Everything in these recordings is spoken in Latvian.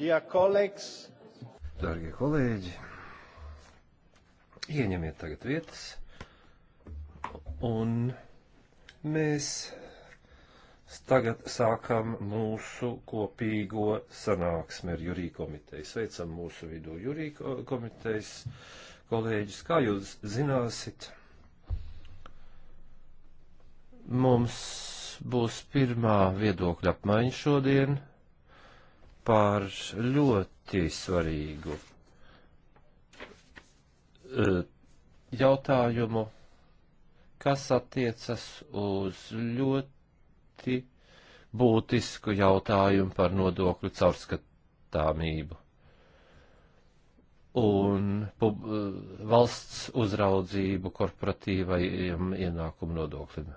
Ja kolēģis. Dārgie kolēģi, ieņemiet tagad vietas, un mēs tagad sākam mūsu kopīgo sanāksmi ar Jurī komiteju. Sveicam mūsu vidū Jurī komitejas kolēģis. Kā jūs zināsit, mums būs pirmā viedokļa apmaiņa šodien par ļoti svarīgu eh, jautājumu, kas attiecas uz ļoti būtisku jautājumu par nodokļu caurskatāmību un pub, eh, valsts uzraudzību korporatīvajiem ienākumu nodoklim.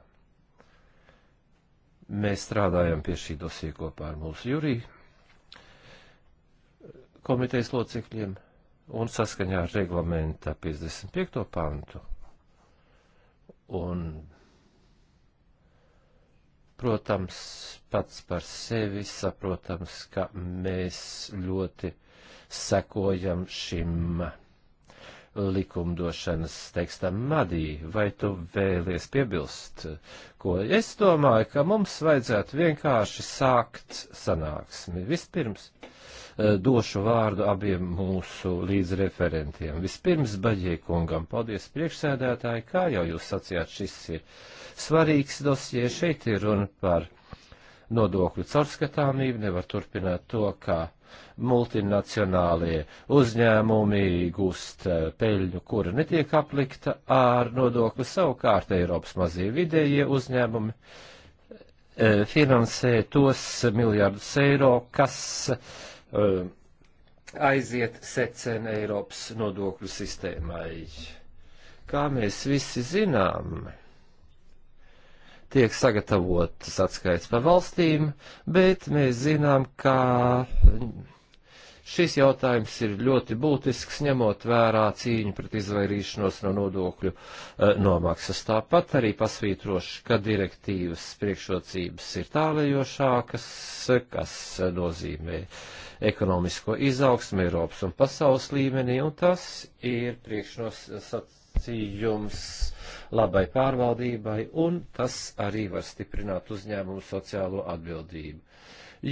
Mēs strādājam pie šī dosie kopā ar mūsu juriju komitejas locekļiem un saskaņā ar reglamentā 55. pantu. Un, protams, pats par sevi saprotams, ka mēs ļoti sekojam šim likumdošanas tekstam Madī, vai tu vēlies piebilst, ko es domāju, ka mums vajadzētu vienkārši sākt sanāksmi. Vispirms. Uh, Eh, došu vārdu abiem mūsu līdzreferentiem. Vispirms Baģiekungam, paldies priekšsēdētāji, kā jau jūs sacījāt, šis ir svarīgs dosie, šeit ir runa par nodokļu caurskatāmību, nevar turpināt to, kā multinacionālie uzņēmumi gūst eh, peļņu, kura netiek aplikta ar nodokli savukārt Eiropas mazie vidējie uzņēmumi eh, finansē tos miljardus eiro, kas Eh, aiziet secen Eiropas nodokļu sistēmai. Kā mēs visi zinām, tiek sagatavotas atskaits pa valstīm, bet mēs zinām, ka šis jautājums ir ļoti būtisks, ņemot vērā cīņu pret izvairīšanos no nodokļu eh, nomaksas. Tāpat arī pasvītroši, ka direktīvas priekšrocības ir tālējošākas, kas nozīmē uh, ekonomisko izaugsmu Eiropas un pasaules līmenī, un tas ir priekšnosacījums labai pārvaldībai, un tas arī var stiprināt uzņēmumu sociālo atbildību.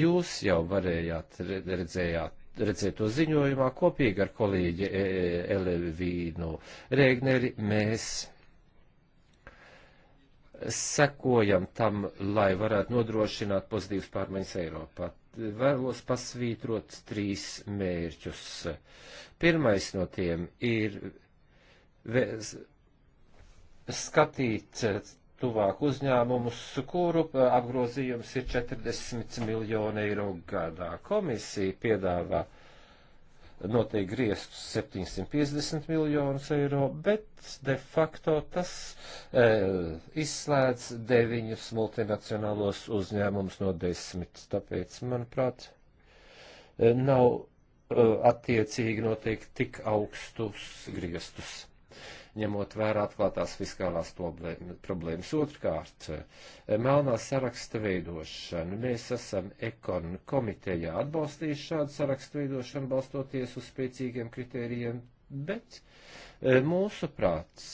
Jūs jau varējāt, redzējāt redzēt to ziņojumā kopīgi ar kolēģi e, e, Elevīnu Rēgneri, mēs sekojam tam, lai varētu nodrošināt pozitīvas pārmaiņas Eiropā vēlos pasvītrot trīs mērķus. Pirmais no tiem ir skatīt eh, tuvāk uzņēmumus, kuru eh, apgrozījums ir 40 miljoni eiro gadā. Komisija piedāvā uh, notiek griezts 750 miljonus eiro, bet de facto tas e, izslēdz deviņus multinacionālos uzņēmumus no desmit. Tāpēc, manuprāt, e, nav e, attiecīgi noteikti tik augstus grieztus ņemot vērā atklātās fiskālās problēmas. Otrkārt, eh, melnā saraksta veidošana. Mēs esam ekon komitejā atbalstījuši šādu sarakstu veidošanu, balstoties uz spēcīgiem kritērijiem, bet eh, mūsu prāts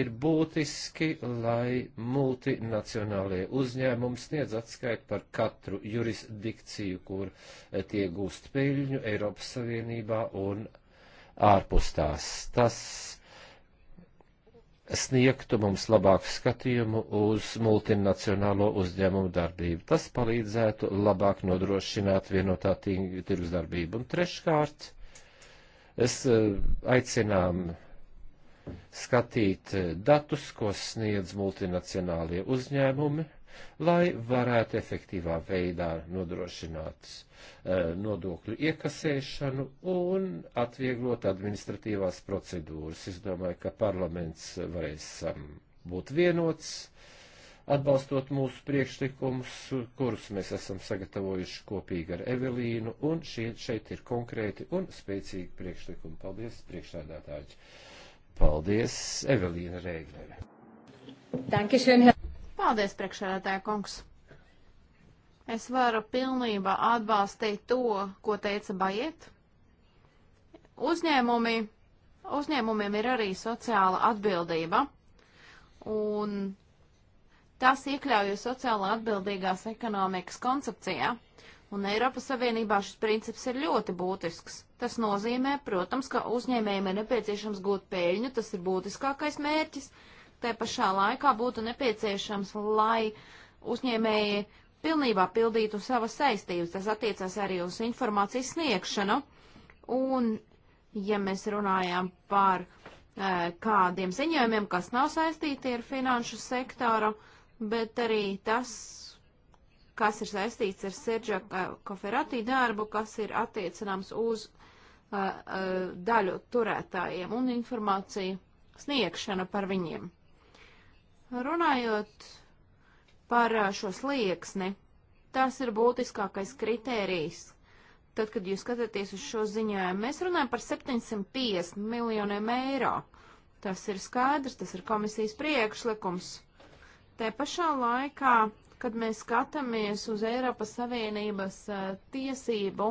ir būtiski, lai multinacionālie uzņēmumi sniedz atskaitu par katru jurisdikciju, kur eh, tie gūst peļņu Eiropas Savienībā un ārpus tās. Tas sniegtu mums labāku skatījumu uz multinacionālo uzņēmumu darbību. Tas palīdzētu labāk nodrošināt vienotā tirgus darbību. Un treškārt, es eh, aicinām skatīt eh, datus, ko sniedz multinacionālie uzņēmumi lai varētu efektīvā veidā nodrošināt eh, nodokļu iekasēšanu un atvieglot administratīvās procedūras. Es domāju, ka parlaments varēs būt vienots, atbalstot mūsu priekšlikumus, kurus mēs esam sagatavojuši kopīgi ar Evelīnu, un šie šeit ir konkrēti un spēcīgi priekšlikumi. Paldies, priekšsēdētāji! Paldies, Evelīna Rēgnere! Dankeschön, Herr Paldies, priekšsēdētāja kungs! Es varu pilnībā atbalstīt to, ko teica Bajiet. Uzņēmumi, uzņēmumiem ir arī sociāla atbildība, un tas iekļaujas sociāla atbildīgās ekonomikas koncepcijā. Un Eiropas Savienībā šis princips ir ļoti būtisks. Tas nozīmē, protams, ka uzņēmējiem ir nepieciešams gūt pēļņu, tas ir būtiskākais mērķis, te pašā laikā būtu nepieciešams, lai uzņēmēji pilnībā pildītu savas saistības. Tas attiecas arī uz informācijas sniegšanu. Un, ja mēs runājam par e, kādiem ziņojumiem, kas nav saistīti ar finanšu sektoru, bet arī tas, kas ir saistīts ar Sergio Koferati darbu, kas ir attiecināms uz uh, uh, daļu turētājiem un informāciju sniegšana par viņiem. Runājot par šo slieksni, tas ir būtiskākais kritērijs. Tad, kad jūs skatāties uz šo ziņojumu, mēs runājam par 750 miljoniem eiro. Tas ir skaidrs, tas ir komisijas priekšlikums. Te pašā laikā, kad mēs skatāmies uz Eiropas Savienības uh, tiesību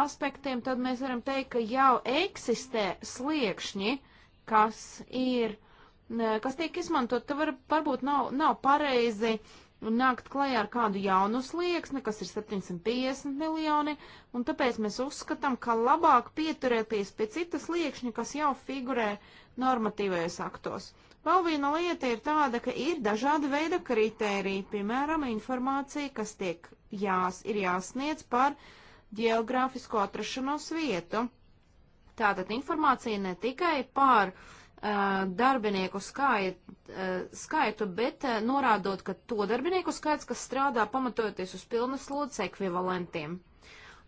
aspektiem, tad mēs varam teikt, ka jau eksistē sliekšņi, kas ir uh, kas tiek izmantot, tad var, varbūt nav, nav pareizi nākt klajā ar kādu jaunu slieksni, kas ir 750 miljoni, un tāpēc mēs uzskatām, ka labāk pieturēties pie cita sliekšņa, kas jau figurē normatīvajos aktos. Vēl viena lieta ir tāda, ka ir dažāda veida kritērija, piemēram, informācija, kas tiek jās, ir jāsniedz par geogrāfisko atrašanos vietu. Tātad informācija ne tikai par uh, darbinieku skait, skaitu, bet norādot, ka to darbinieku skaits, kas strādā pamatojoties uz pilnas slodzes ekvivalentiem.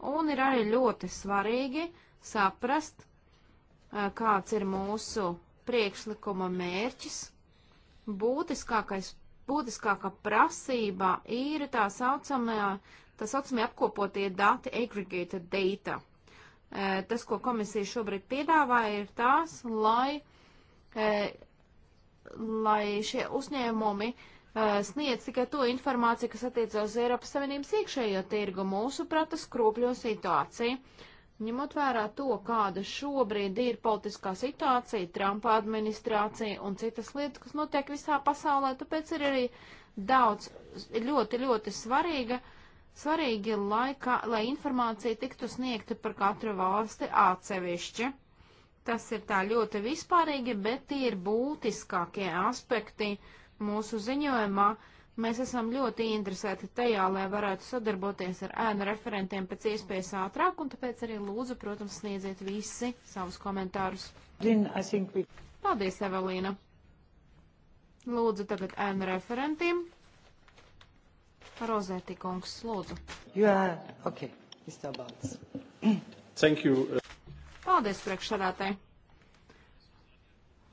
Un ir arī ļoti svarīgi saprast, kāds ir mūsu priekšlikuma mērķis. Būtiskākais, būtiskākā prasība ir tā saucamajā, tā saucamajā apkopotie dati, aggregated data. Tas, ko komisija šobrīd piedāvā, ir tās, lai lai šie uzņēmumi sniedz tikai to informāciju, kas attiecas uz Eiropas Savienības iekšējo tirgu. Mūsuprāt, tas kropļo situāciju. Ņemot vērā to, kāda šobrīd ir politiskā situācija, Trumpa administrācija un citas lietas, kas notiek visā pasaulē, tāpēc ir arī daudz, ļoti, ļoti svarīga, svarīgi, lai, kā, lai informācija tiktu sniegta par katru valsti atsevišķi. Tas ir tā ļoti vispārīgi, bet tie ir būtiskākie aspekti mūsu ziņojumā. Mēs esam ļoti interesēti tajā, lai varētu sadarboties ar ēnu referentiem pēc iespējas ātrāk, un tāpēc arī lūdzu, protams, sniedziet visi savus komentārus. Paldies, Evelīna! Lūdzu, tagad ēnu referentiem. Rozēti kungs, lūdzu. Jā, ok, izstāvāts. Thank you. Paldies, priekšsādātāji!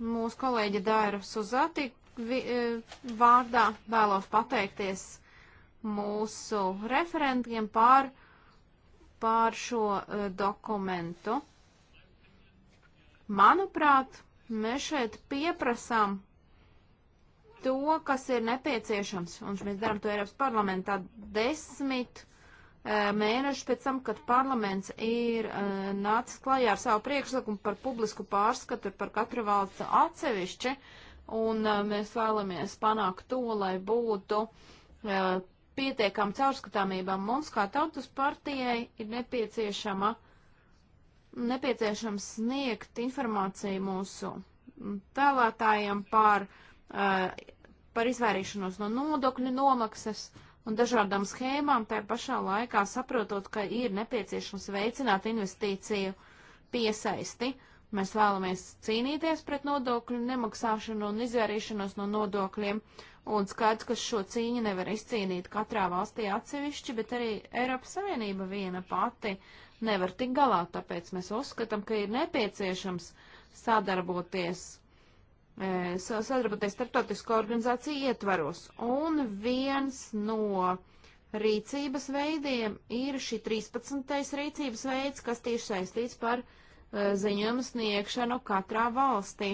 Mūsu kolēģi Dāra Suzati e, vārdā vēlos pateikties mūsu referentiem pār, pār šo uh, dokumentu. Manuprāt, mēs šeit pieprasām to, kas ir nepieciešams, un mēs darām to Eiropas parlamentā desmit Eh, mēneši pēc tam, kad parlaments ir uh, nācis klajā ar savu priekšlikumu par publisku pārskatu par katru valsts atsevišķi, un uh, mēs vēlamies panākt to, lai būtu uh, pietiekam caurskatāmībām. Mums kā tautas partijai ir nepieciešama, nepieciešams sniegt informāciju mūsu tēlētājiem par, par izvairīšanos no nodokļu nomaksas, uh, un dažādām schēmām, tā pašā laikā saprotot, ka ir nepieciešams veicināt investīciju piesaisti. Mēs vēlamies cīnīties pret nodokļu nemaksāšanu un izvērīšanos no nodokļiem, un skaidrs, ka šo cīņu nevar izcīnīt katrā valstī atsevišķi, bet arī Eiropas Savienība viena pati nevar tik galā, tāpēc mēs uzskatām, ka ir nepieciešams sadarboties sadarboties starptautisko organizāciju ietvaros. Un viens no rīcības veidiem ir šī 13. rīcības veids, kas tieši saistīts par uh, ziņojumu sniegšanu katrā valstī.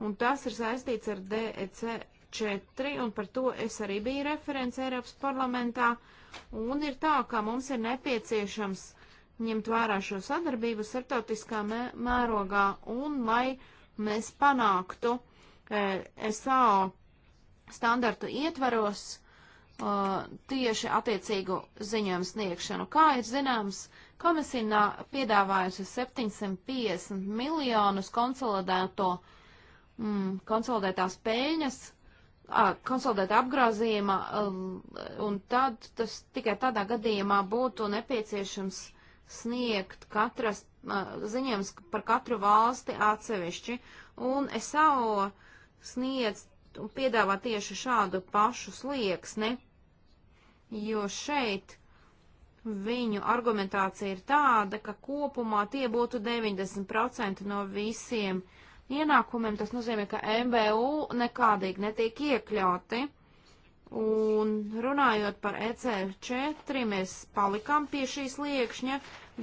Un tas ir saistīts ar DEC 4, un par to es arī biju referents Eiropas parlamentā. Un ir tā, ka mums ir nepieciešams ņemt vērā šo sadarbību starptautiskā mērogā un lai uh, mēs panāktu e, eh, SAO standartu ietvaros e, tieši attiecīgu ziņojumu sniegšanu. Kā ir zināms, komisija piedāvājusi 750 miljonus konsolidēto, mm, konsolidētās peļņas konsolidēta apgrozījuma, un tad tas tikai tādā gadījumā būtu nepieciešams sniegt katras ziņojums par katru valsti atsevišķi, un SAO sniedz un piedāvā tieši šādu pašu slieksni, jo šeit viņu argumentācija ir tāda, ka kopumā tie būtu 90% no visiem ienākumiem. Tas nozīmē, ka MBU nekādīgi netiek iekļauti. Un runājot par ECR4, mēs palikām pie šīs liekšņa,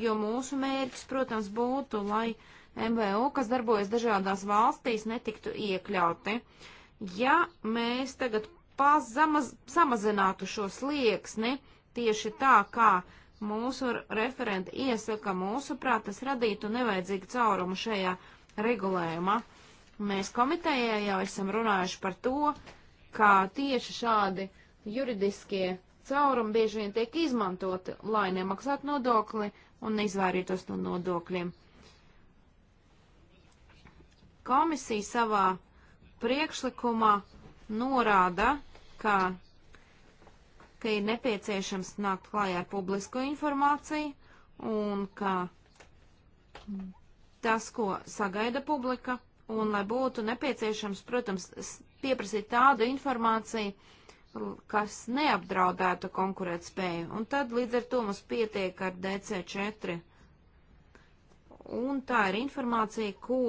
jo mūsu mērķis, protams, būtu, lai MVU, kas darbojas dažādās valstīs, netiktu iekļauti. Ja mēs tagad pazamaz, samazinātu šo slieksni tieši tā, kā mūsu referenti iesaka, mūsuprāt, tas radītu nevajadzīgu caurumu šajā regulējumā. Mēs komitējā jau esam runājuši par to, kā tieši šādi juridiskie caurumi bieži vien tiek izmantoti, lai nemaksātu nodokli un neizvairītos no nodokļiem. Komisija savā priekšlikumā norāda, ka, ka ir nepieciešams nākt klājā ar publisko informāciju un ka tas, ko sagaida publika, un lai būtu nepieciešams, protams, pieprasīt tādu informāciju, kas neapdraudētu konkurētspēju. Un tad līdz ar to mums pietiek ar DC4. Un tā ir informācija, ko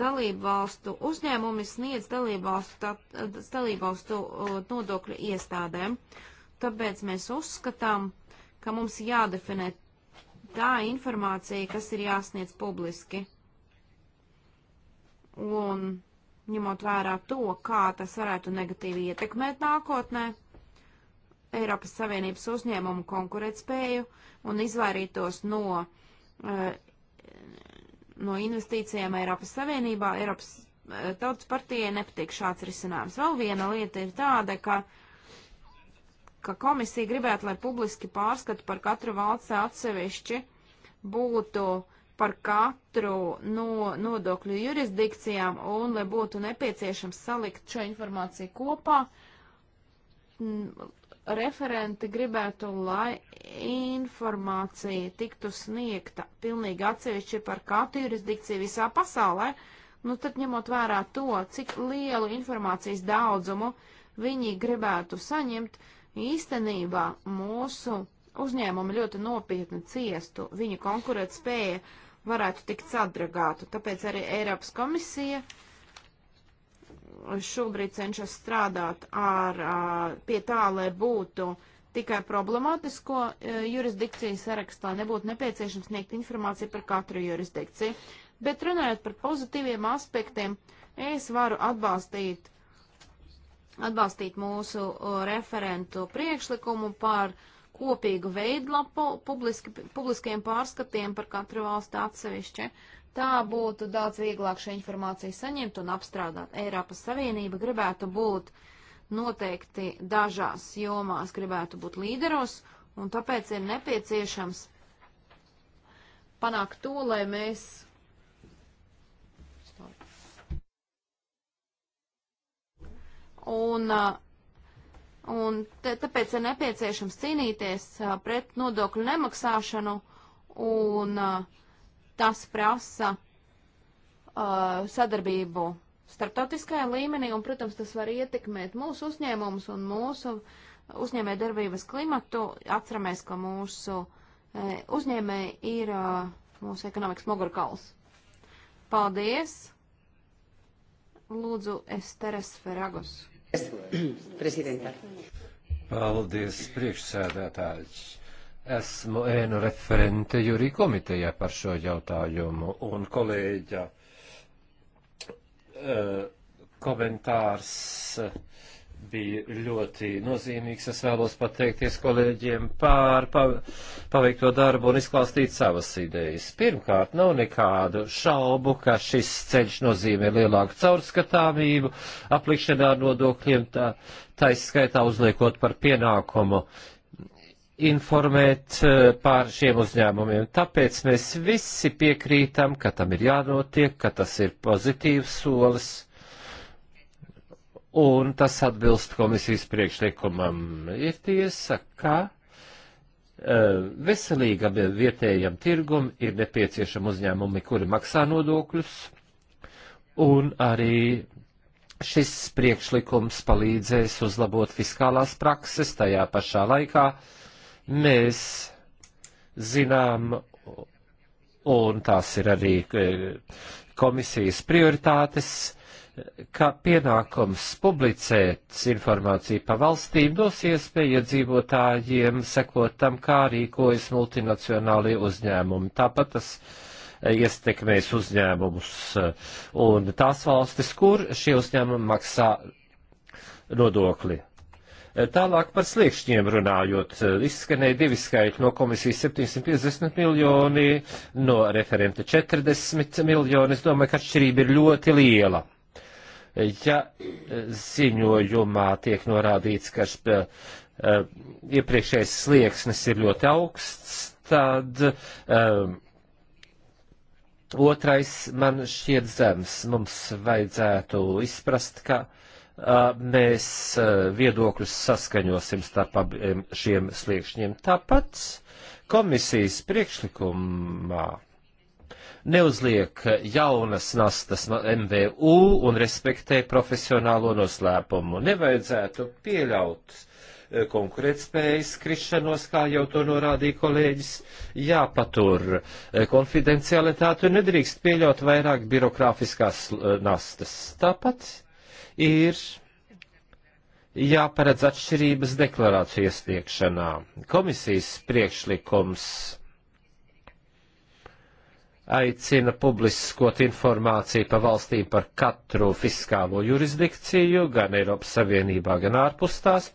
dalību valstu uzņēmumi sniedz dalību valstu, dalību valstu nodokļu iestādēm. Tāpēc mēs uzskatām, ka mums jādefinē tā informācija, kas ir jāsniedz publiski. Un ņemot vērā to, kā tas varētu negatīvi ietekmēt nākotnē Eiropas Savienības uzņēmumu konkurētspēju un izvairītos no, eh, no investīcijām Eiropas Savienībā. Eiropas eh, Tautas partijai nepatīk šāds risinājums. Vēl viena lieta ir tāda, ka, ka komisija gribētu, lai publiski pārskatu par katru valsts atsevišķi būtu uh, par katru no nodokļu jurisdikcijām un, lai būtu nepieciešams salikt šo informāciju kopā, referenti gribētu, lai informācija tiktu sniegta pilnīgi atsevišķi par katru jurisdikciju visā pasaulē, nu tad ņemot vērā to, cik lielu informācijas daudzumu viņi gribētu saņemt, īstenībā mūsu uzņēmumi ļoti nopietni ciestu, viņu konkurētspēja varētu tikt sadragātu. Tāpēc arī Eiropas komisija šobrīd cenšas strādāt ar, pie tā, lai būtu tikai problemātisko jurisdikciju sarakstā, nebūtu nepieciešams sniegt informāciju par katru jurisdikciju. Bet runājot par pozitīviem aspektiem, es varu atbalstīt, atbalstīt mūsu referentu priekšlikumu par uh, kopīgu veidlapu publiski, publiskiem pārskatiem par katru valsti atsevišķi. Tā būtu daudz vieglāk šo informāciju saņemt un apstrādāt. Eiropas Savienība gribētu būt noteikti dažās jomās, gribētu būt līderos, un tāpēc ir nepieciešams panākt to, lai mēs un uh, Un tāpēc ir nepieciešams cīnīties a, pret nodokļu nemaksāšanu, un a, tas prasa a, sadarbību starptautiskajā līmenī, un, protams, tas var ietekmēt mūsu uzņēmumus un mūsu uzņēmē darbības klimatu. Atceramies, ka mūsu uzņēmē ir mūsu ekonomikas mugurkauls. Paldies! Lūdzu, es Teres Feragus. Prezidentā. Paldies, priekšsēdētājs. Esmu ēnu referente jūrī komitejā par šo jautājumu un kolēģa eh, komentārs bija ļoti nozīmīgs. Es vēlos pateikties kolēģiem pār paveikto darbu un izklāstīt savas idejas. Pirmkārt, nav nekādu šaubu, ka šis ceļš nozīmē lielāku caurskatāmību, aplikšanā nodokļiem, tā, taiskaitā uzliekot par pienākumu informēt eh, pār šiem uzņēmumiem. Tāpēc mēs visi piekrītam, ka tam ir jānotiek, ka tas ir pozitīvs solis un tas atbilst komisijas priekšlikumam. Ir tiesa, ka e, veselīgam vietējam tirgum ir nepieciešami uzņēmumi, kuri maksā nodokļus, un arī šis priekšlikums palīdzēs uzlabot fiskālās prakses tajā pašā laikā. Mēs zinām, un tās ir arī e, komisijas prioritātes, ka pienākums publicēt informāciju pa valstīm dos iespēju iedzīvotājiem sekot tam, kā rīkojas multinacionālie uzņēmumi. Tāpat tas eh, iestekmēs uzņēmumus eh, un tās valstis, kur šie uzņēmumi maksā nodokli. Eh, tālāk par sliekšņiem runājot, izskanēja divi skaitļi no komisijas 750 miljoni, no referenta 40 miljoni. Es domāju, ka atšķirība ir ļoti liela ja e, ziņojumā tiek norādīts, ka e, e, iepriekšējais slieksnis ir ļoti augsts, tad um, otrais man šķiet zems. Mums vajadzētu izprast, ka uh, mēs uh, viedokļus saskaņosim starp abiem šiem sliekšņiem. Tāpat komisijas priekšlikumā neuzliek jaunas nastas MVU un respektē profesionālo noslēpumu. Nevajadzētu pieļaut eh, konkurētspējas krišanos, kā jau to norādīja kolēģis, jāpatur eh, konfidencialitāti un nedrīkst pieļaut vairāk birokrāfiskās eh, nastas. Tāpat ir jāparedz atšķirības deklarāciju iesniegšanā. Komisijas priekšlikums aicina publiskot informāciju pa valstīm par katru fiskālo jurisdikciju, gan Eiropas Savienībā, gan ārpus tās,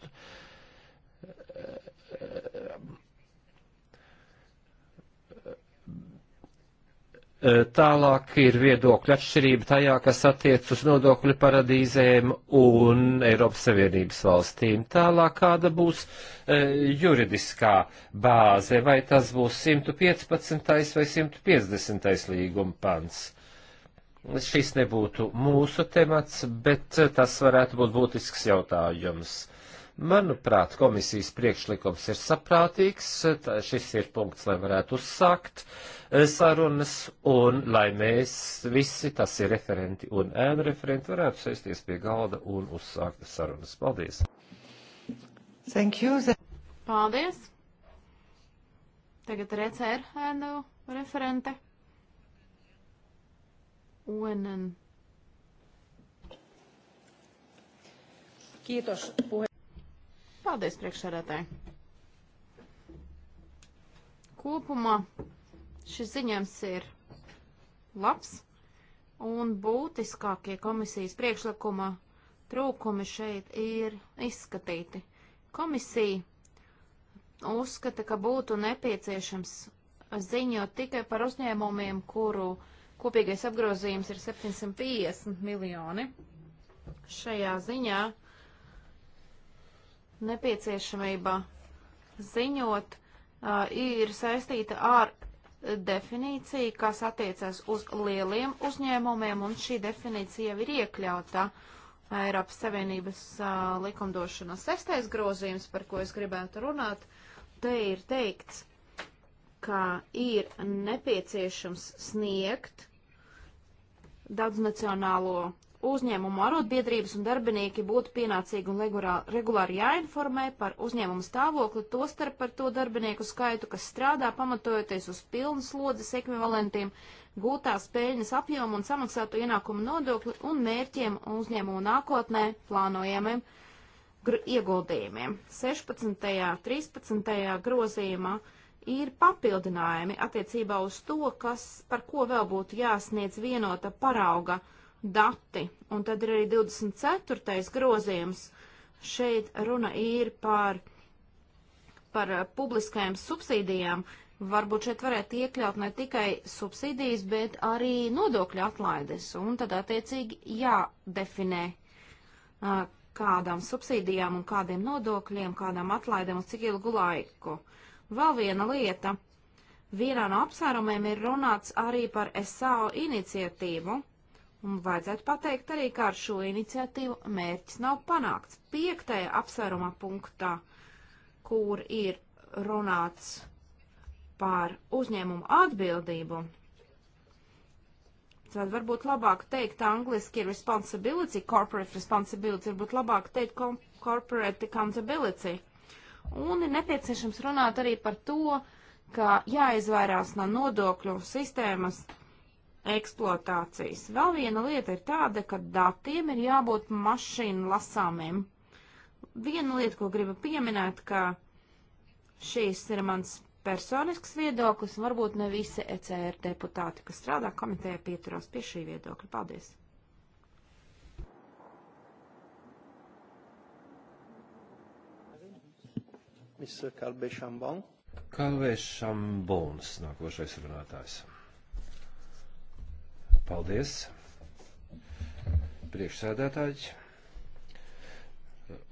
E, tālāk ir viedokļa atšķirība tajā, kas attiec uz nodokļu paradīzēm un Eiropas Savienības valstīm. Tālāk kāda būs e, juridiskā bāze, vai tas būs 115. vai 150. līguma pants šis nebūtu mūsu temats, bet tas varētu būt būtisks jautājums. Manuprāt, komisijas priekšlikums ir saprātīgs, šis ir punkts, lai varētu uzsākt sarunas un lai mēs visi, tas ir referenti un ēnu referenti, varētu sēsties pie galda un uzsākt sarunas. Paldies! Thank you. Paldies! Tagad recer ēnu referente. UNN. Kiitos puhe. Paldies priekšsēdētāji. Kopumā Šis ziņojums ir labs, un būtiskākie komisijas priekšlikuma trūkumi šeit ir izskatīti. Komisija uzskata, ka būtu nepieciešams ziņot tikai par uzņēmumiem, kuru kopīgais apgrozījums ir 750 miljoni. Šajā ziņā nepieciešamība ziņot uh, ir saistīta ar definīcija, kas attiecas uz lieliem uzņēmumiem, un šī definīcija jau ir iekļauta Eiropas Savienības uh, likumdošanas sestais grozījums, par ko es gribētu runāt. Te ir teikts, ka ir nepieciešams sniegt daudznacionālo uzņēmumu arotbiedrības un darbinieki būtu pienācīgi un regulāri jāinformē par uzņēmumu stāvokli, tostarp par to darbinieku skaitu, kas strādā pamatojoties uz pilnas slodzes ekvivalentiem, gūtās peļņas apjomu un samaksātu ienākumu nodokli un mērķiem uzņēmumu nākotnē plānojamiem ieguldījumiem. 16. 13. grozījumā ir papildinājumi attiecībā uz to, kas, par ko vēl būtu jāsniedz vienota parauga uh, dati. Un tad ir arī 24. grozījums. Šeit runa ir par, par eh, publiskajām subsīdijām. Varbūt šeit varētu iekļaut ne tikai subsīdijas, bet arī nodokļu atlaides. Un tad attiecīgi jādefinē, eh, kādām subsīdijām un kādiem nodokļiem, kādām atlaidēm un cik ilgu laiku. Vēl viena lieta. Vienā no apsvērumiem ir runāts arī par SAO iniciatīvu Un vajadzētu pateikt arī, ka ar šo iniciatīvu mērķis nav panākts. Piektajā apsvērumā punktā, kur ir runāts par uzņēmumu atbildību, tad varbūt labāk teikt angliski ir responsibility, corporate responsibility, varbūt labāk teikt corporate accountability. Un ir nepieciešams runāt arī par to, ka jāizvairās no nodokļu sistēmas, eksploatācijas. Vēl viena lieta ir tāda, ka datiem ir jābūt mašīnu lasāmiem. Viena lieta, ko gribu pieminēt, ka šīs ir mans personisks viedoklis, varbūt ne visi ECR deputāti, kas strādā komitejā, pieturās pie šī viedokļa. Paldies! Kalvēšambons nākošais runātājs. Paldies, priekšsēdētāji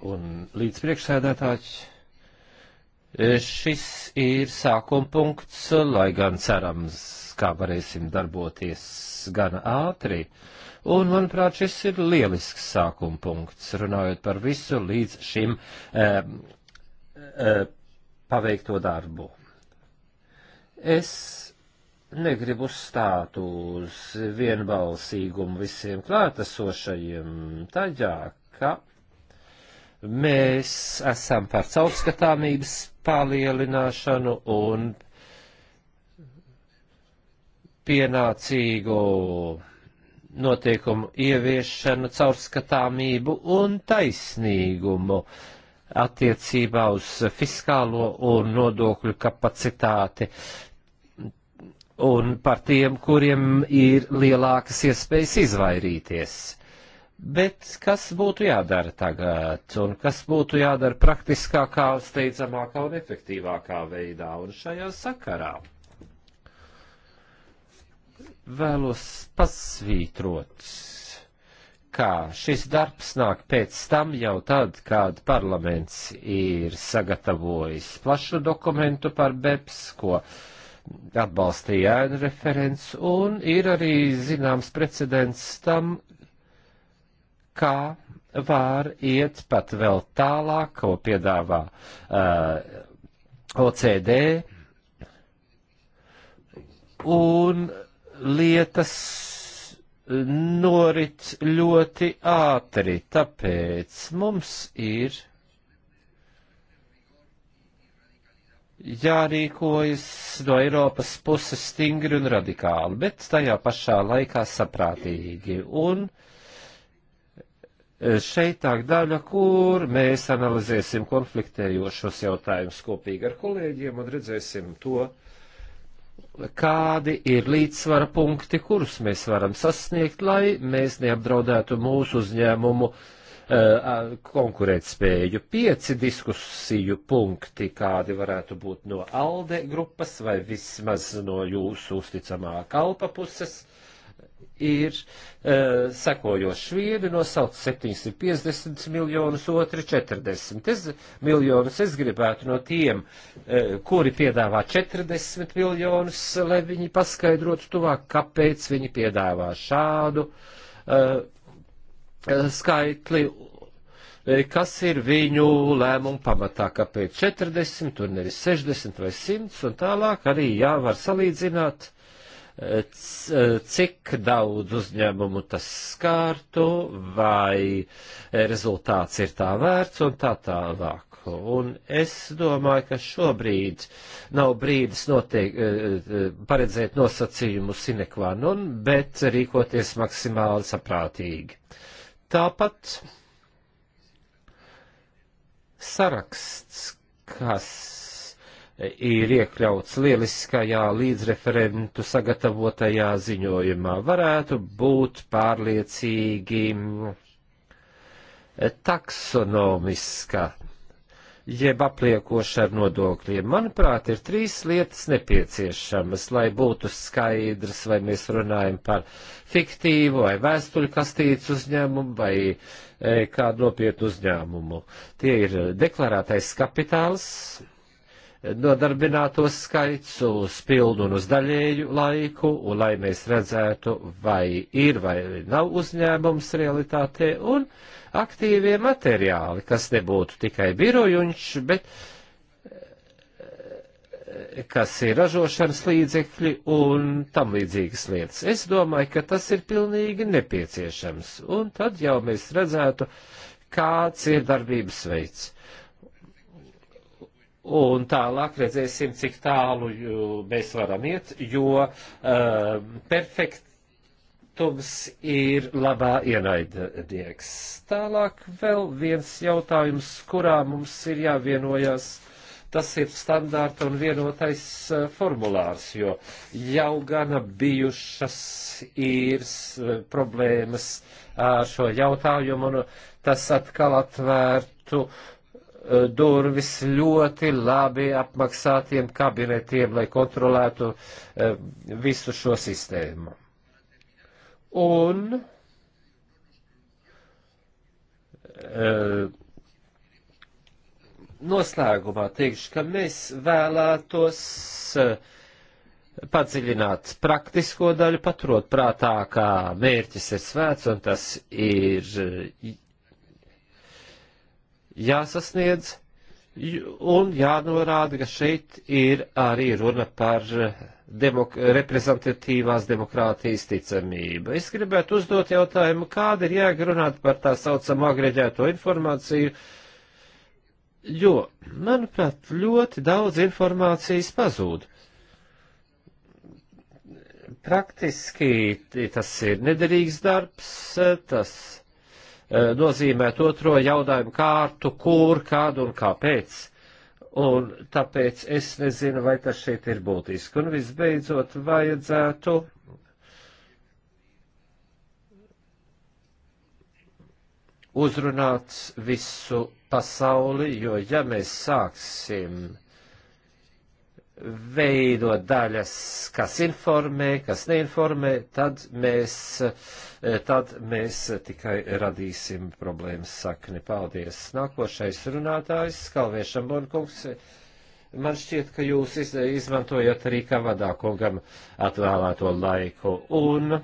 un līdz priekšsēdētāji. E, šis ir sākuma punkts, lai gan cerams, kā varēsim darboties gana ātri. Un, manuprāt, šis ir lielisks sākuma punkts, runājot par visu līdz šim e, e, paveikto darbu. Es negribu uzstāt uz vienbalsīgumu visiem klātesošajiem taļā, ka mēs esam par caurskatāmības palielināšanu un pienācīgu notiekumu ieviešanu, caurskatāmību un taisnīgumu attiecībā uz fiskālo un nodokļu kapacitāti un par tiem, kuriem ir lielākas iespējas izvairīties. Bet kas būtu jādara tagad, un kas būtu jādara praktiskākā, steidzamākā un efektīvākā veidā un šajā sakarā? Vēlos pasvītrot, ka šis darbs nāk pēc tam jau tad, kad parlaments ir sagatavojis plašu dokumentu par BEPS, ko uh, atbalstīja ēnu referents, un ir arī zināms precedents tam, kā var iet pat vēl tālāk, ko piedāvā uh, OCD, un lietas norit ļoti ātri, tāpēc mums ir jārīkojas no Eiropas puses stingri un radikāli, bet tajā pašā laikā saprātīgi. Un e, šeit tā daļa, kur mēs analizēsim konfliktējošos jautājumus kopīgi ar kolēģiem un redzēsim to, kādi ir līdzsvara punkti, kurus mēs varam sasniegt, lai mēs neapdraudētu mūsu uzņēmumu uh, Eh, konkurētspēju. Pieci diskusiju punkti, kādi varētu būt no ALDE grupas vai vismaz no jūsu uzticamā kalpa puses, ir uh, sekojoši. Švīri nosauc 750 miljonus, otri 40 es, miljonus. Es gribētu no tiem, uh, kuri piedāvā 40 miljonus, lai viņi paskaidrotu tuvāk, kāpēc viņi piedāvā šādu. Uh, skaitli, e, kas ir viņu lēmumu pamatā, kāpēc 40, un nevis 60 vai 100, un tālāk arī jāvar salīdzināt, e, e, cik daudz uzņēmumu tas skārtu, vai rezultāts ir tā vērts, un tā tālāk. Un es domāju, ka šobrīd nav brīdis noteik, paredzēt nosacījumu sinekvānu, bet rīkoties maksimāli saprātīgi. Tāpat saraksts, kas ir iekļauts lieliskajā līdzreferentu sagatavotajā ziņojumā, varētu būt pārliecīgi taksonomiska jeb apliekoši ar nodokļiem. Manuprāt, ir trīs lietas nepieciešamas, lai būtu skaidrs, vai mēs runājam par fiktīvu vai vēstuļkastītes uzņēmumu vai e, kādu nopietnu uzņēmumu. Tie ir deklarētais kapitāls, nodarbināto skaits uz pildu un uz daļēju laiku, un lai mēs redzētu, vai ir vai nav uzņēmums realitātē, un aktīvie materiāli, kas nebūtu tikai birojuņš, bet eh, kas ir ražošanas līdzekļi un tam līdzīgas lietas. Es domāju, ka tas ir pilnīgi nepieciešams, un tad jau mēs redzētu, kāds ir darbības veids. Un tālāk redzēsim, cik tālu eh, mēs varam iet, jo uh, eh, perfekti Tums ir labā ienaidnieks. Tālāk vēl viens jautājums, kurā mums ir jāvienojās. Tas ir standārta un vienotais eh, formulārs, jo jau gana bijušas ir eh, problēmas ar šo jautājumu, un tas atkal atvērtu eh, durvis ļoti labi apmaksātiem kabinetiem, lai kontrolētu visu šo sistēmu. Un e, noslēgumā teikšu, ka mēs vēlētos e, padziļināt praktisko daļu, paturot prātā, kā mērķis ir svēts un tas ir e, jāsasniedz un jānorāda, ka šeit ir arī runa par demok reprezentatīvās demokrātijas ticamība. Es gribētu uzdot jautājumu, kāda ir jēga runāt par tā saucamo agreģēto informāciju, jo, manuprāt, ļoti daudz informācijas pazūd. Praktiski tas ir nederīgs darbs, tas eh, nozīmē otro jautājumu kārtu, kur, kad un kāpēc un tāpēc es nezinu, vai tas šeit ir būtiski. Un visbeidzot, vajadzētu uzrunāt visu pasauli, jo ja mēs sāksim veido daļas, kas informē, kas neinformē, tad mēs, eh, tad mēs tikai radīsim problēmas sakni. Paldies. Nākošais runātājs, Kalviešam Bonkungs. Man šķiet, ka jūs iz, izmantojat arī Kavadā kungam atvēlēto laiku. Un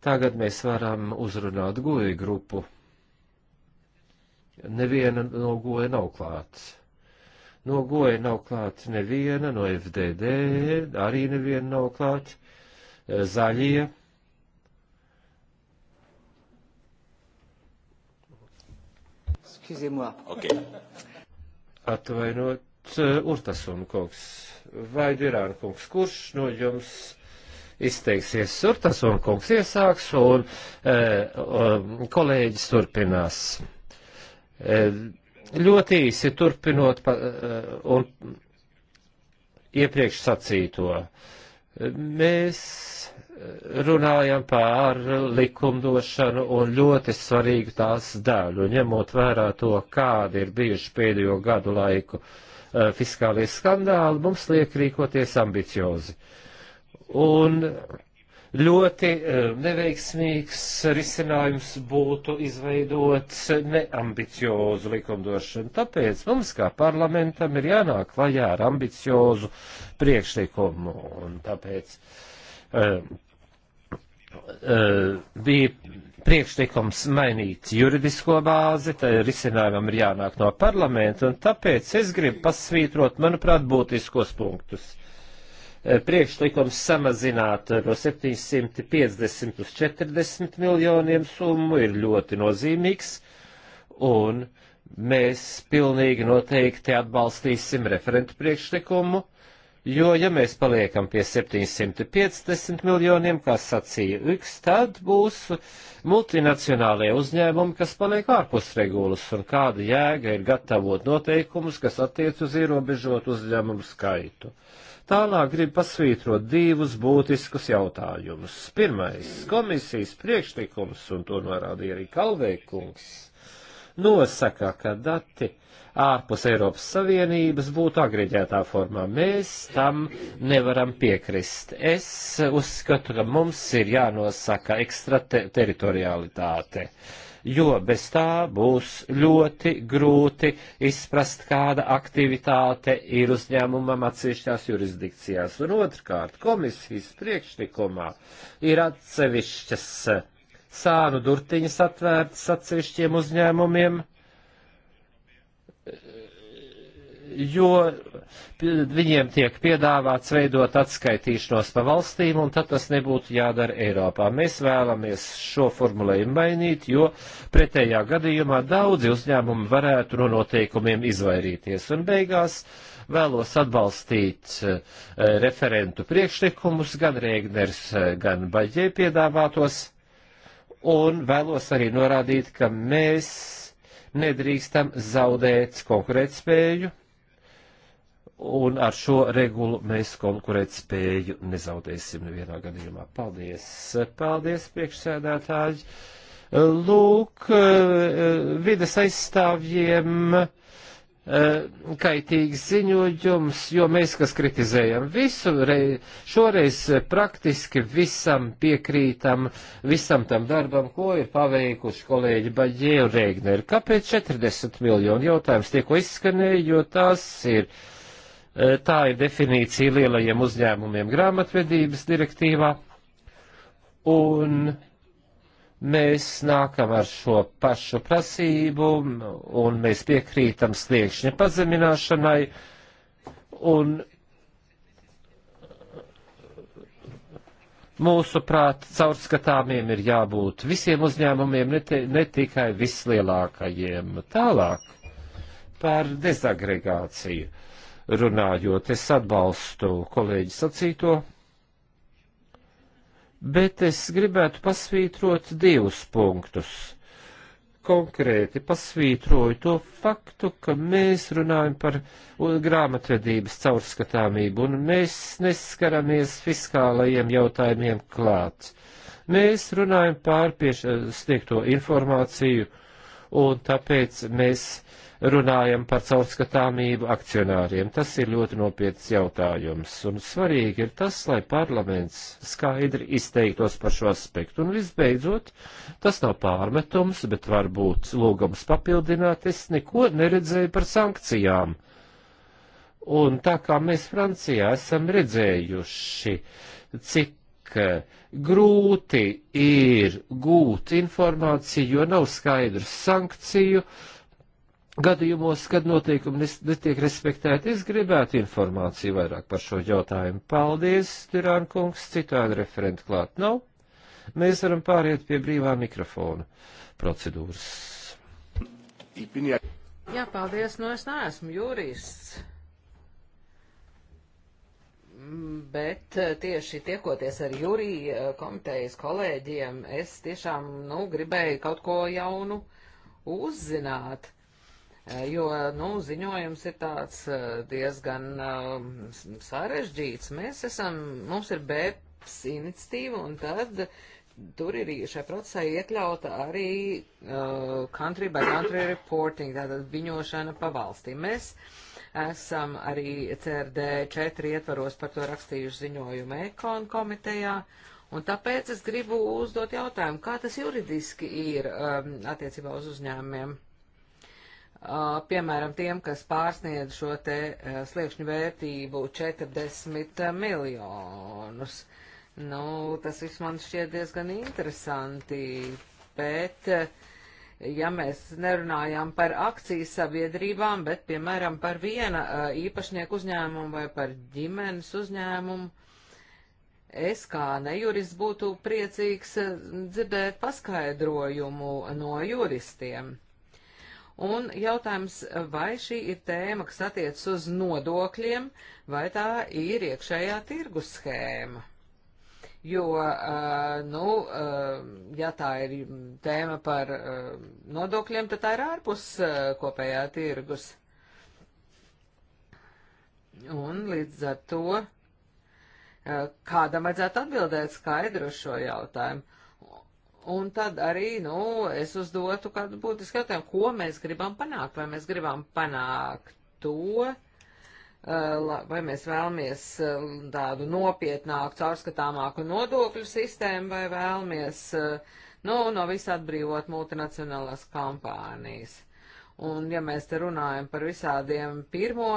tagad mēs varam uzrunāt guļu grupu. Neviena no guļa nav klāts. No goja nav klāt neviena, no FDD arī neviena nav klāt. Eh, zaļie. Okay. Atvainot, eh, Urtas un kungs, vai Dirāna kungs, kurš no jums izteiksies Surtas un kungs iesāks un e, um, kolēģis turpinās. E, Ļoti īsi turpinot pa, eh, un iepriekš sacīto. Mēs runājam par likumdošanu un ļoti svarīgu tās daļu, ņemot vērā to, kādi ir bijuši pēdējo gadu laiku eh, fiskālie skandāli, mums liek rīkoties ambiciozi. Un Ļoti eh, neveiksmīgs risinājums būtu izveidot neambiciozu likumdošanu. Tāpēc mums kā parlamentam ir jānāk klajā ar ambiciozu priekšlikumu. Un tāpēc um, um, bija priekšlikums mainīt juridisko bāzi, tā risinājumam ir jānāk no parlamenta, un tāpēc es gribu pasvītrot, manuprāt, būtiskos punktus Eh, priekšlikums samazināt eh, no 750 uz 40 miljoniem summu ir ļoti nozīmīgs, un mēs pilnīgi noteikti atbalstīsim referentu priekšlikumu, jo, ja mēs paliekam pie 750 miljoniem, kā sacīja Liks, tad būs multinacionālie uzņēmumi, kas paliek ārpus regulas, un kāda jēga ir gatavot noteikumus, kas attiec uz ierobežotu uzņēmumu skaitu. Uh, Tālāk grib pasvītrot divus būtiskus jautājumus. Pirmais - komisijas priekšlikums, un to norādīja arī Kalveikungs, nosaka, ka dati ārpus Eiropas Savienības būtu agreģētā formā. Mēs tam nevaram piekrist. Es uzskatu, ka mums ir jānosaka ekstrateritorialitāte. Te jo bez tā būs ļoti grūti izprast, kāda aktivitāte ir uzņēmumam atsevišķās jurisdikcijās. Un otrkārt, komisijas priekšlikumā ir atsevišķas sānu durtiņas atvērtas atsevišķiem uzņēmumiem jo viņiem tiek piedāvāts veidot atskaitīšanos pa valstīm, un tad tas nebūtu jādara Eiropā. Mēs vēlamies šo formulējumu mainīt, jo pretējā gadījumā daudzi uzņēmumi varētu no noteikumiem izvairīties. Un beigās vēlos atbalstīt eh, referentu priekšlikumus, gan Rēgners, eh, gan Baģē piedāvātos, un vēlos arī norādīt, ka mēs nedrīkstam zaudēt konkurētspēju un ar šo regulu mēs konkurēt spēju nezaudēsim nevienā gadījumā. Paldies! Paldies, priekšsēdētāji! Lūk, vides aizstāvjiem kaitīgs ziņojums, jo mēs, kas kritizējam visu, rei, šoreiz praktiski visam piekrītam, visam tam darbam, ko ir paveikuši kolēģi Baģē un Reigneri. Kāpēc 40 miljonu jautājums tieko izskanēja, jo tās ir. Uh, E, tā ir definīcija lielajiem uzņēmumiem grāmatvedības direktīvā. Un mēs nākam ar šo pašu prasību, un mēs piekrītam sliekšņa pazemināšanai, un mūsuprāt, caurskatāmiem ir jābūt visiem uzņēmumiem, ne, te, ne tikai vislielākajiem. Tālāk par dezagregāciju runājot. Es atbalstu kolēģi sacīto, bet es gribētu pasvītrot divus punktus konkrēti pasvītroju to faktu, ka mēs runājam par grāmatvedības caurskatāmību un mēs neskaramies fiskālajiem jautājumiem klāt. Mēs runājam pār sniegto informāciju un tāpēc mēs runājam par caurskatāmību akcionāriem. Tas ir ļoti nopietns jautājums, un svarīgi ir tas, lai parlaments skaidri izteiktos par šo aspektu. Un visbeidzot, tas nav pārmetums, bet varbūt lūgums papildināt, es neko neredzēju par sankcijām. Un tā kā mēs Francijā esam redzējuši, cik eh, grūti ir gūt informāciju, jo nav skaidrs sankciju, uh, gadījumos, kad noteikumi netiek respektēti, es gribētu informāciju vairāk par šo jautājumu. Paldies, Tirāna kungs, citādi referenti klāt nav. Mēs varam pāriet pie brīvā mikrofona procedūras. Jā, paldies, nu es neesmu jurists. Mm, bet eh, tieši tiekoties ar jūrija eh, komitejas kolēģiem, es tiešām, nu, gribēju kaut ko jaunu uzzināt Eh, jo, nu, ziņojums ir tāds eh, diezgan eh, sarežģīts. Mēs esam, mums ir BEPS iniciatīva, un tad tur ir šai procesā iekļauta arī uh, country by country reporting, tātad ziņošana pa valstīm. Mēs esam arī CRD 4 ietvaros par to rakstījuši ziņojumu ekon komitejā. Un tāpēc es gribu uzdot jautājumu, kā tas juridiski ir um, attiecībā uz uzņēmumiem piemēram, tiem, kas pārsniedz šo te sliekšņu vērtību 40 miljonus. Nu, tas viss man šķiet diezgan interesanti, bet, ja mēs nerunājām par akcijas sabiedrībām, bet, piemēram, par viena īpašnieku uzņēmumu vai par ģimenes uzņēmumu, es kā nejuris būtu priecīgs dzirdēt paskaidrojumu no juristiem. Un jautājums, vai šī ir tēma, kas attiecas uz nodokļiem, vai tā ir iekšējā tirgus schēma? Jo, eh, nu, eh, ja tā ir tēma par eh, nodokļiem, tad tā ir ārpus kopējā tirgus. Un līdz ar to kādam vajadzētu atbildēt skaidru šo jautājumu. Un tad arī, nu, es uzdotu kādu būtisku jautājumu, ko mēs gribam panākt. Vai mēs gribam panākt to, eh, vai mēs vēlamies eh, tādu nopietnāku, caurskatāmāku nodokļu sistēmu, vai vēlamies, eh, nu, no visā atbrīvot multinacionālās kompānijas. Un, ja mēs te runājam par visādiem pirmo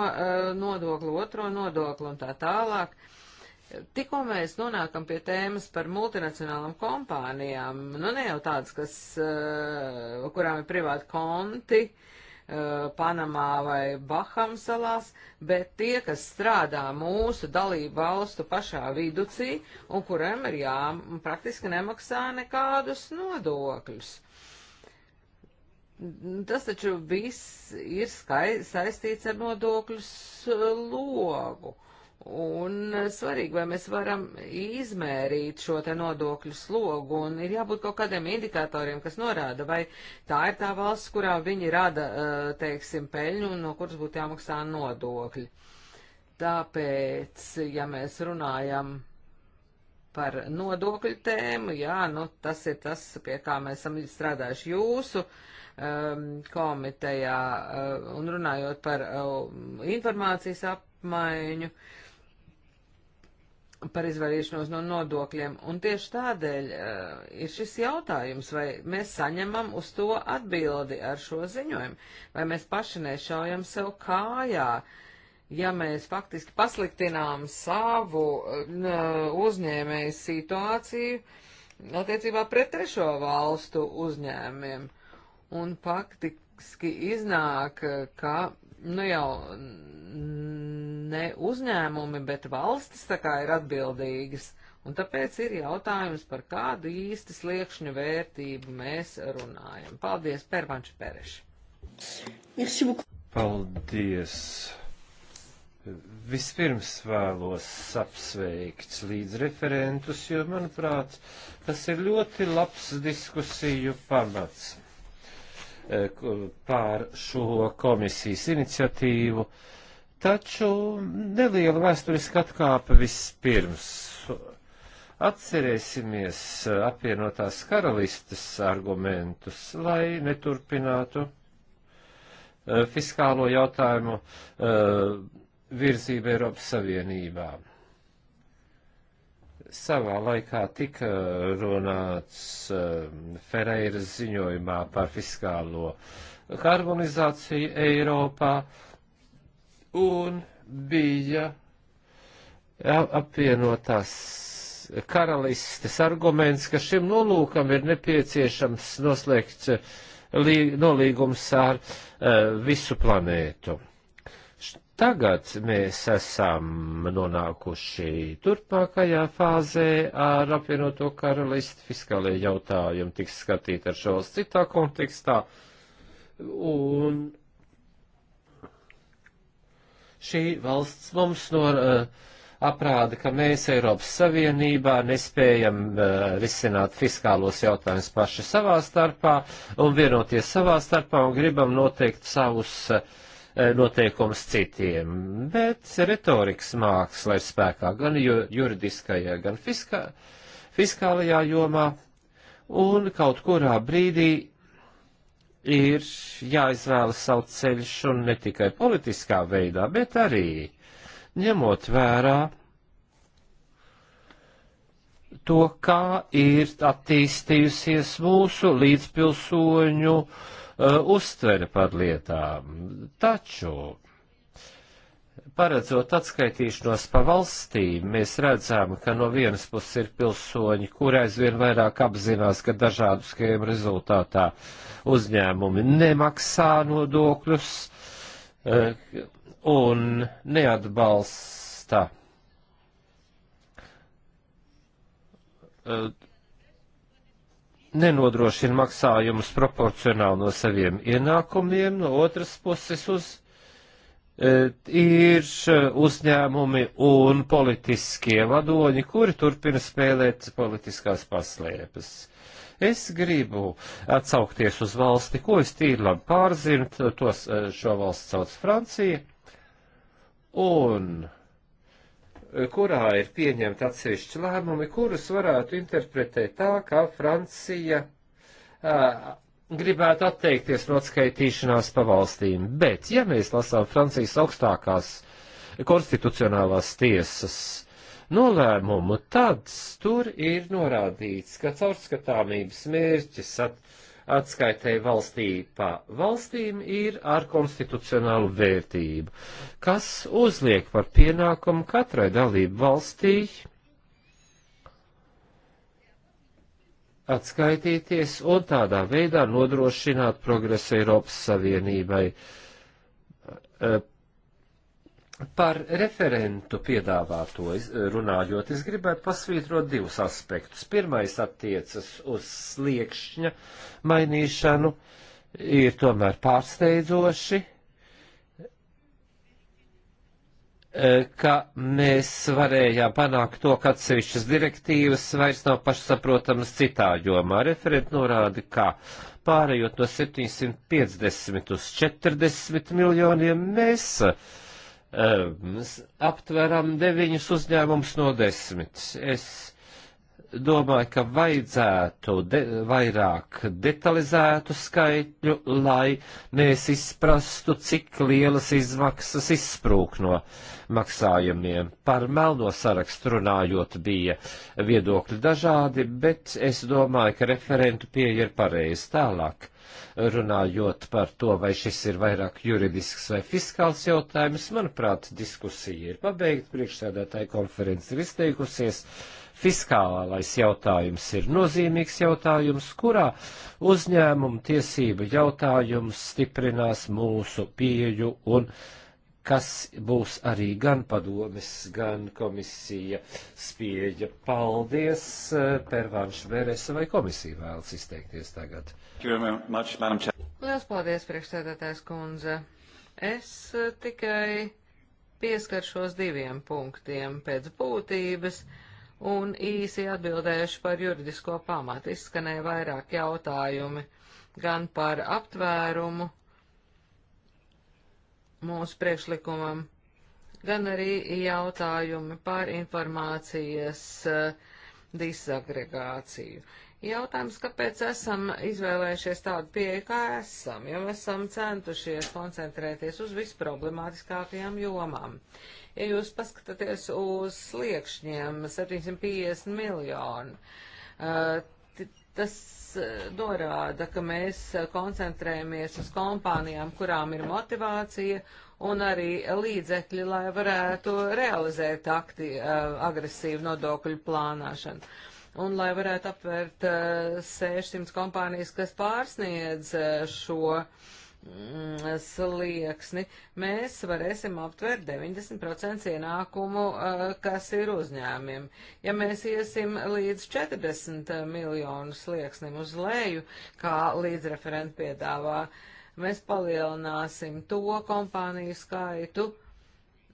nodokli, otro nodokli un tā tālāk, uh, Tikko mēs nonākam pie tēmas par multinacionālām kompānijām, nu ne jau tādas, kas, eh, kurām ir privāti konti eh, Panamā vai Bahamsalās, bet tie, kas strādā mūsu dalību valstu pašā viducī un kuriem ir jā, praktiski nemaksā nekādus nodokļus. Tas taču viss ir skai, saistīts ar nodokļu slogu. Uh, Un svarīgi, vai mēs varam izmērīt šo te nodokļu slogu, un ir jābūt kaut kādiem indikatoriem, kas norāda, vai tā ir tā valsts, kurā viņi rada, eh, teiksim, peļņu, un no kuras būtu jāmaksā nodokļi. Tāpēc, ja mēs runājam par nodokļu tēmu, jā, nu, tas ir tas, pie kā mēs esam strādājuši jūsu um, komitejā, um, un runājot par um, informācijas apmaiņu. Uh, par izvairīšanos no nodokļiem. Un tieši tādēļ uh, ir šis jautājums, vai mēs saņemam uz to atbildi ar šo ziņojumu, vai mēs paši nešaujam sev kājā, ja mēs faktiski pasliktinām savu uh, uzņēmēju situāciju attiecībā pret trešo valstu uzņēmiem. Un faktiski iznāk, eh, ka nu jau ne uzņēmumi, bet valstis tā kā ir atbildīgas. Un tāpēc ir jautājums, par kādu īsti sliekšņu vērtību mēs runājam. Paldies, Pervanš Pereši. Paldies. Vispirms vēlos apsveikt līdzreferentus, jo, manuprāt, tas ir ļoti labs diskusiju pamats eh, pār šo komisijas iniciatīvu. Uh, Taču neliela vēsturiska atkāpe vispirms. Atcerēsimies apvienotās karalistes argumentus, lai neturpinātu eh, fiskālo jautājumu eh, virzību Eiropas Savienībā. Savā laikā tika runāts eh, Ferreiras ziņojumā par fiskālo harmonizāciju Eiropā, uh, un bija apvienotās karalistes arguments, ka šim nolūkam ir nepieciešams noslēgt eh, nolīgums ar eh, visu planētu. Tagad mēs esam nonākuši turpmākajā fāzē ar apvienoto karalisti. Fiskālie jautājumi tiks skatīti ar šo valsts citā kontekstā. Un šī valsts mums no eh, aprāda, ka mēs Eiropas Savienībā nespējam eh, risināt fiskālos jautājumus paši savā starpā un vienoties savā starpā un gribam noteikt savus eh, noteikums citiem, bet retorikas māksla ir spēkā gan ju juridiskajā, gan fiskā, fiskālajā jomā, un kaut kurā brīdī ir jāizvēlas savu ceļš un ne tikai politiskā veidā, bet arī ņemot vērā to, kā ir attīstījusies mūsu līdzpilsoņu uh, uztvere par lietām. Taču Paredzot atskaitīšanos pa valstīm, mēs redzam, ka no vienas puses ir pilsoņi, kur aizvien vairāk apzinās, ka dažādu skēmu rezultātā uzņēmumi nemaksā nodokļus eh, un neatbalsta eh, nenodrošina maksājumus proporcionāli no saviem ienākumiem, no otras puses uz E, ir e, uzņēmumi un politiskie vadoņi, kuri turpina spēlēt politiskās paslēpes. Es gribu atsaukties uz valsti, ko es tīri labi pārzinu, tos e, šo valsts sauc Francija, un kurā ir pieņemta atsevišķi lēmumi, kurus varētu interpretēt tā, ka Francija gribētu atteikties no atskaitīšanās pa valstīm, bet, ja mēs lasām Francijas augstākās konstitucionālās tiesas nolēmumu, tad tur ir norādīts, ka caurskatāmības mērķis at, atskaitai valstī pa valstīm ir ar konstitucionālu vērtību, kas uzliek par pienākumu katrai dalību valstī atskaitīties un tādā veidā nodrošināt progresu Eiropas Savienībai. Eh, par referentu piedāvāto runājot, es gribētu pasvītrot divus aspektus. Pirmais attiecas uz sliekšņa mainīšanu, ir tomēr pārsteidzoši, Eh, ka mēs varējām panākt to, ka atsevišķas direktīvas vairs nav pašsaprotamas citā jomā. Referenti norāda, ka pārējot no 750 uz 40 miljoniem mēs um, aptveram deviņus uzņēmumus no desmit. Es domāju, ka vajadzētu de vairāk detalizētu skaitļu, lai mēs izprastu, cik lielas izmaksas izsprūk no maksājumiem. Par melno sarakstu runājot bija viedokļi dažādi, bet es domāju, ka referentu pieeja ir pareizi tālāk. Runājot par to, vai šis ir vairāk juridisks vai fiskāls jautājums, manuprāt, diskusija ir pabeigta, priekšsēdētāja konferences ir izteikusies. Uh, Fiskālais jautājums ir nozīmīgs jautājums, kurā uzņēmuma tiesība jautājums stiprinās mūsu pieju un kas būs arī gan padomis, gan komisija spieja. Paldies, Pervānš Beresa, vai komisija vēlas izteikties tagad? Lielas paldies, priekšsēdētājs kundze. Es eh, tikai pieskaršos diviem punktiem pēc būtības. Uh, un īsi atbildējuši par juridisko pamatu. Izskanēja vairāk jautājumi gan par aptvērumu mūsu priekšlikumam, gan arī jautājumi par informācijas eh, disagregāciju. Jautājums, kāpēc esam izvēlējušies tādu pieeju, kā esam, jo mēs esam centušies koncentrēties uz visproblemātiskākajām jomām. Ja jūs paskatāties uz sliekšņiem 750 miljonu, eh, tas eh, norāda, ka mēs koncentrējamies uz kompānijām, kurām ir motivācija un arī līdzekļi, lai varētu realizēt akti, eh, agresīvu nodokļu plānāšanu un lai varētu apvērt uh, eh, 600 kompānijas, kas pārsniedz uh, šo mm, slieksni, mēs varēsim aptvert 90% ienākumu, uh, kas ir uzņēmiem. Ja mēs iesim līdz 40 miljonu slieksnim uz leju, kā līdzreferenti piedāvā, mēs palielināsim to kompāniju skaitu, uh,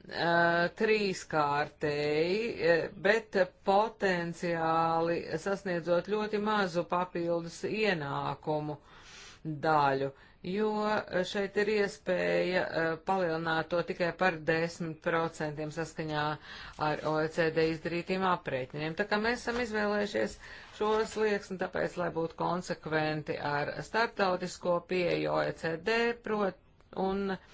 Eh, trīskārtēji, eh, bet potenciāli sasniedzot ļoti mazu papildus ienākumu daļu, jo šeit ir iespēja eh, palielināt to tikai par 10% saskaņā ar OECD izdarītiem aprēķiniem. Tā kā mēs esam izvēlējušies šo slieksni, tāpēc, lai būtu konsekventi ar startautisko pieeju OECD prot un uh,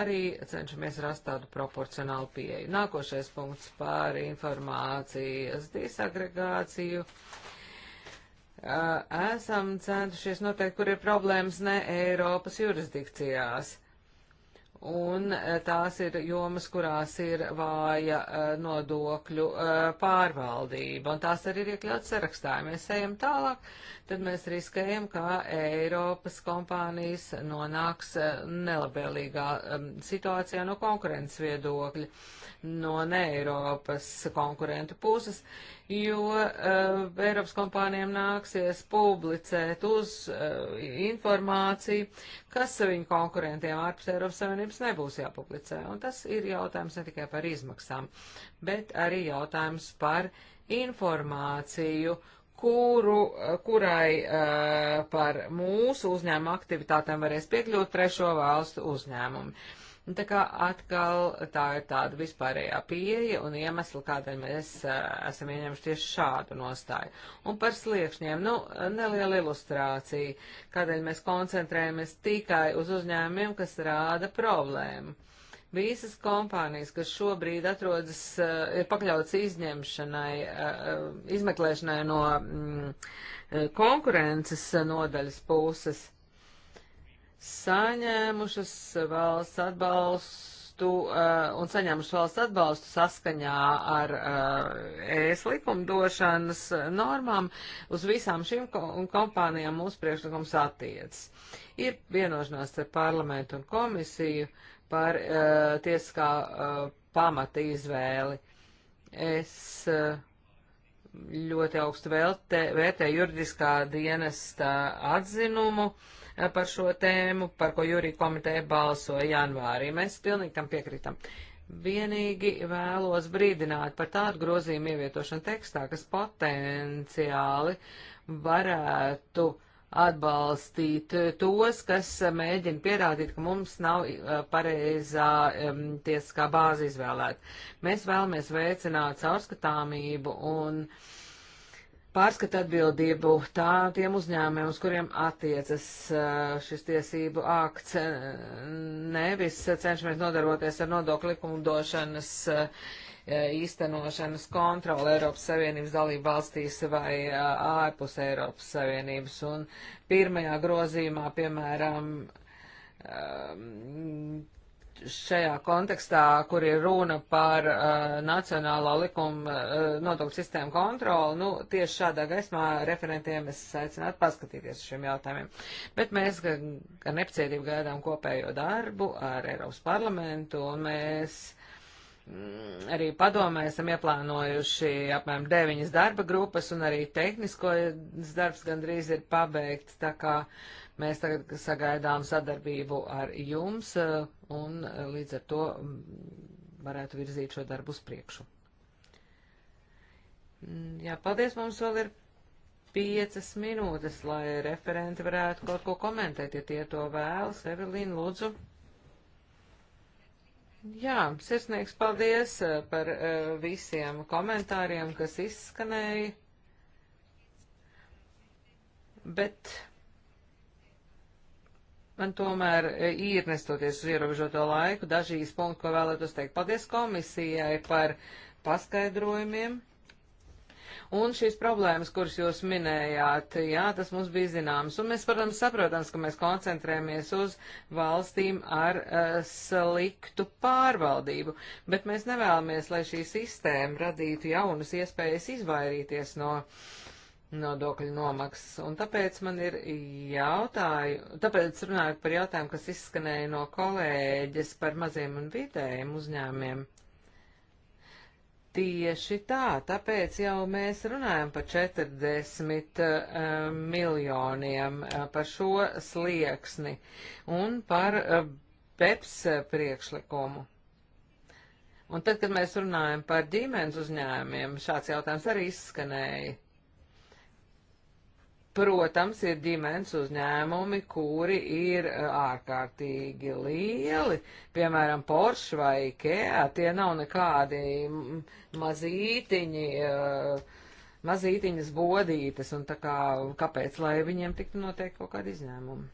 arī cenšamies rast tādu proporcionālu pieeju. Nākošais punkts par informācijas disagregāciju. Esam centušies noteikt, kur ir problēmas ne Eiropas jurisdikcijās un eh, tās ir jomas, kurās ir vāja eh, nodokļu eh, pārvaldība, un tās arī ir iekļauts sarakstā. Ja mēs ejam tālāk, tad mēs riskējam, ka Eiropas kompānijas nonāks nelabvēlīgā situācijā no konkurences viedokļa, no ne Eiropas konkurentu puses, jo uh, Eiropas kompānijām nāksies publicēt uz uh, informāciju, kas viņu konkurentiem ārpus Eiropas Savienības nebūs jāpublicē. Un tas ir jautājums ne tikai par izmaksām, bet arī jautājums par informāciju, kuru, eh, kurai uh, par mūsu uzņēmuma aktivitātēm varēs piekļūt trešo valstu uzņēmumi. Uh, Un tā kā atkal tā ir tāda vispārējā pieeja un iemesli, kādēļ mēs esam ieņemši tieši šādu nostāju. Un par sliekšņiem, nu, neliela ilustrācija, kādēļ mēs koncentrējamies tikai uz uzņēmumiem, kas rāda problēmu. Visas kompānijas, kas šobrīd atrodas, ir pakļauts izņemšanai, izmeklēšanai no mm, konkurences nodaļas puses saņēmušas valsts atbalstu uh, un saņēmušas valsts atbalstu saskaņā ar uh, eh, ES likumdošanas normām, uz visām šīm ko kompānijām mūsu priekšlikums attiecas. Ir vienošanās ar parlamentu un komisiju par uh, tiesiskā uh, pamata izvēli. Es uh, ļoti augstu vēlte, vērtēju juridiskā dienesta atzinumu. Uh, par šo tēmu, par ko jūrī komiteja balsoja janvārī. Mēs pilnīgi tam piekritam. Vienīgi vēlos brīdināt par tādu grozījumu ievietošanu tekstā, kas potenciāli varētu atbalstīt tos, kas mēģina pierādīt, ka mums nav eh, pareizā um, tiesiskā bāze izvēlēta. Mēs vēlamies veicināt caurskatāmību un uh, pārskata atbildību tā tiem uzņēmumiem, uz kuriem attiecas šis tiesību akts. Nevis cenšamies nodarboties ar nodokļu likumdošanas īstenošanas kontroli Eiropas Savienības dalību valstīs vai ārpus Eiropas Savienības. Un pirmajā grozījumā, piemēram, šajā kontekstā, kur ir runa par uh, nacionālā likuma uh, nodokļu sistēmu kontroli, nu, tieši šādā gaismā referentiem es aicinātu paskatīties šiem jautājumiem. Bet mēs gan, gan nepacietību gaidām kopējo darbu ar Eiropas parlamentu, un mēs mm, arī padomē esam ieplānojuši apmēram deviņas darba grupas, un arī tehnisko darbs gandrīz ir pabeigts, tā kā mēs tagad sagaidām sadarbību ar jums. Uh, un eh, līdz ar to mm, varētu virzīt šo darbu uz priekšu. Mm, jā, paldies, mums vēl ir piecas minūtes, lai referenti varētu kaut ko komentēt, ja tie to vēlas. Evelīna, lūdzu. Jā, sirsnīgs paldies eh, par eh, visiem komentāriem, kas izskanēja. Bet Man tomēr e, ir, nestoties uz ierobežoto laiku, dažīs punkti, ko vēlētos teikt. Paldies komisijai par paskaidrojumiem. Un šīs problēmas, kuras jūs minējāt, jā, tas mums bija zināms. Un mēs, protams, saprotams, ka mēs koncentrējamies uz valstīm ar uh, sliktu pārvaldību, bet mēs nevēlamies, lai šī sistēma radītu jaunas iespējas izvairīties no uh, nodokļu nomaksas. Un tāpēc man ir jautāju, tāpēc runājot par jautājumu, kas izskanēja no kolēģis par maziem un vidējiem uzņēmiem. Tieši tā, tāpēc jau mēs runājam par 40 uh, eh, miljoniem uh, par šo slieksni un par uh, eh, BEPS priekšlikumu. Un tad, kad mēs runājam par ģimenes uzņēmiem, šāds jautājums arī izskanēja Protams, ir ģimenes uzņēmumi, kuri ir e, ārkārtīgi lieli, piemēram, Porsche vai Ikea, tie nav nekādi mazītiņi, e, mazītiņas bodītes, un tā kā, kāpēc, lai viņiem tiktu noteikti kaut kādi izņēmumi?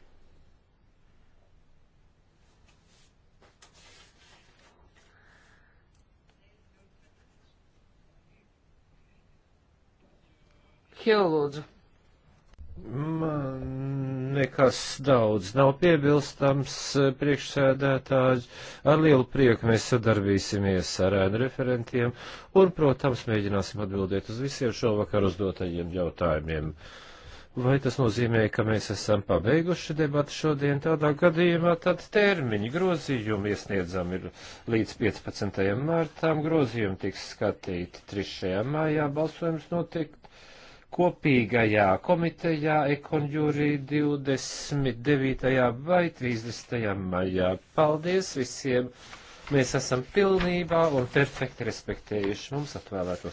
Hjū, lūdzu. Man nekas daudz nav piebilstams eh, priekšsēdētāji. Ar lielu prieku mēs sadarbīsimies ar ēnu referentiem un, protams, mēģināsim atbildēt uz visiem šovakar uzdotajiem jautājumiem. Vai tas nozīmē, ka mēs esam pabeiguši debatu šodien? Tādā gadījumā tad termiņi grozījumi iesniedzam ir līdz 15. martām, grozījumi tiks skatīti 3. maijā, balsojums notiek kopīgajā komitejā ekonģūrī 29. vai 30. maijā. Paldies visiem! Mēs esam pilnībā un perfekti respektējuši mums atvēlētos